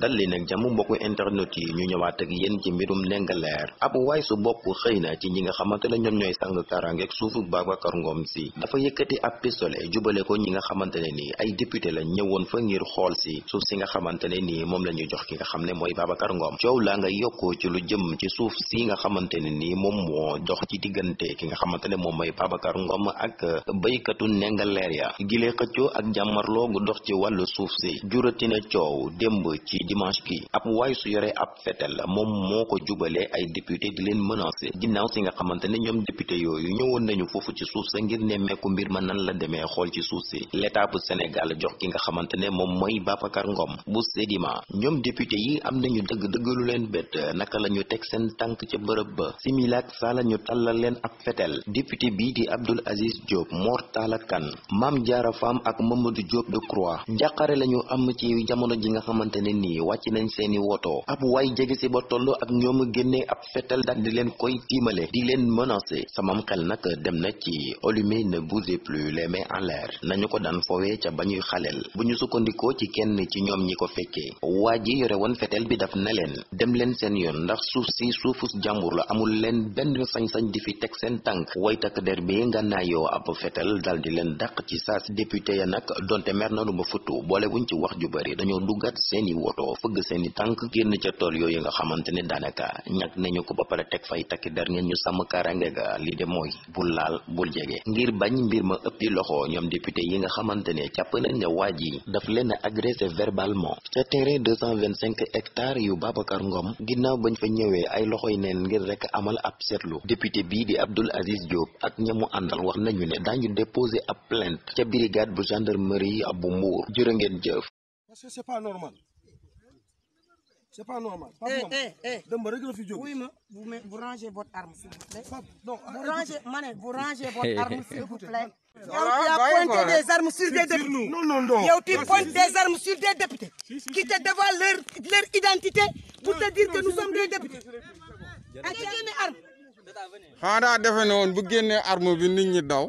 dal li nag jàmm mbokku internet yi ñu ñëwaat ak yéen ci mbirum Ndingler ab waay su bokk xëy na ci ñi nga xamante ne ñoom ñooy sang karangeeg suufu Babacar Ngom si dafa yëkkati ab pistolet jubale ko ñi xamante ne nii ay député la ñëwoon fa ngir xool si suuf si nga xamante ne nii moom la ñu jox ki nga xam ne mooy Babacar Ngom coow laa yokkoo ci lu jëm ci suuf si nga xamante ne nii moom moo dox ci diggante ki nga xamante ne moom mooy Babacar ngoom ak béykatu Ndingler ya gilee xëccoo ak jàmmarloo gu dox ci wàllu suuf si juratina coow démb ci dimanche bi ab waay su yoree ab fetel la moom moo ko jubalee ay député di leen menacé ginnaaw si nga xamante ne ñoom député yooyu ñëwoon nañu foofu ci suuf sa ngir nemmeeku mbir ma nan la demee xool ci suuf si l'état bu Sénégal jox ki nga xamante moom mooy Babacar Ngom bu Sedima ñoom député yi am nañu dëgg dëgg leen bët naka la teg seen tànk ca bërëb ba similaak saa la ñu tàllal leen ab fetel député bii di Abdoul Aziz Diop Mor Talla Kane Mame Diarra Fam yi wàcc nañ seeni woto ab waay jege si ba toll ak ñoom génne ab fetal daal di leen koy tiimale di leen menacer samam xel nag dem na ci allumez ne bougez plus les mains en l'air nañu ko daan foowee ca ba ñuy xaleel bu ñu sukkandikoo ci kenn ci ñoom ñi ko fekkee waa ji yore woon fetel bi daf na leen dem leen seen yoon ndax suuf si suufu jàmbur la amul leen benn sañ-sañ di fi teg seen tànk way takk der bi nga naayoo ab fetel dal di leen dàq ci saas député ya nag donte mer nanu ba ci wax ju bari dañoo faatoo fëgg seeni tànk génn ca tool yooyu nga xamante ne daanaka ñàkk nañu ko ba pare teg fay takki der ngeen ñu sàmm kaaraange ga li de mooy bul laal bul jege ngir bañ mbir ma ëppi loxo ñoom député yi nga xamante ne jàpp nañ ne waa ji daf leen a agressé verbalement ca terrain 225 hectares yu Babacar Ngom ginnaaw bañ fa ñëwee ay loxoy neen ngir rek amal ab seetlu député bii di Abdoul Aziz Diop ak ñamu àndal wax nañu ne daañu déposé ab plainte ca brigade bu gendarmerie bu Mbour jërë ngeen jëf parce que c'est c'est pas normal. Pape eh, moom eh, eh. dem ba rek fi jóg. wuy ma vous me vous rangez votre arme s'il vous plaît. non vous rangez ma ne vous rangez votre arme s'il des armes sur des députés. non non non des armes sur des députés. qui te leur identité pour te dire que nous sommes daa defe woon bu génnee arme bi nit ñi daw.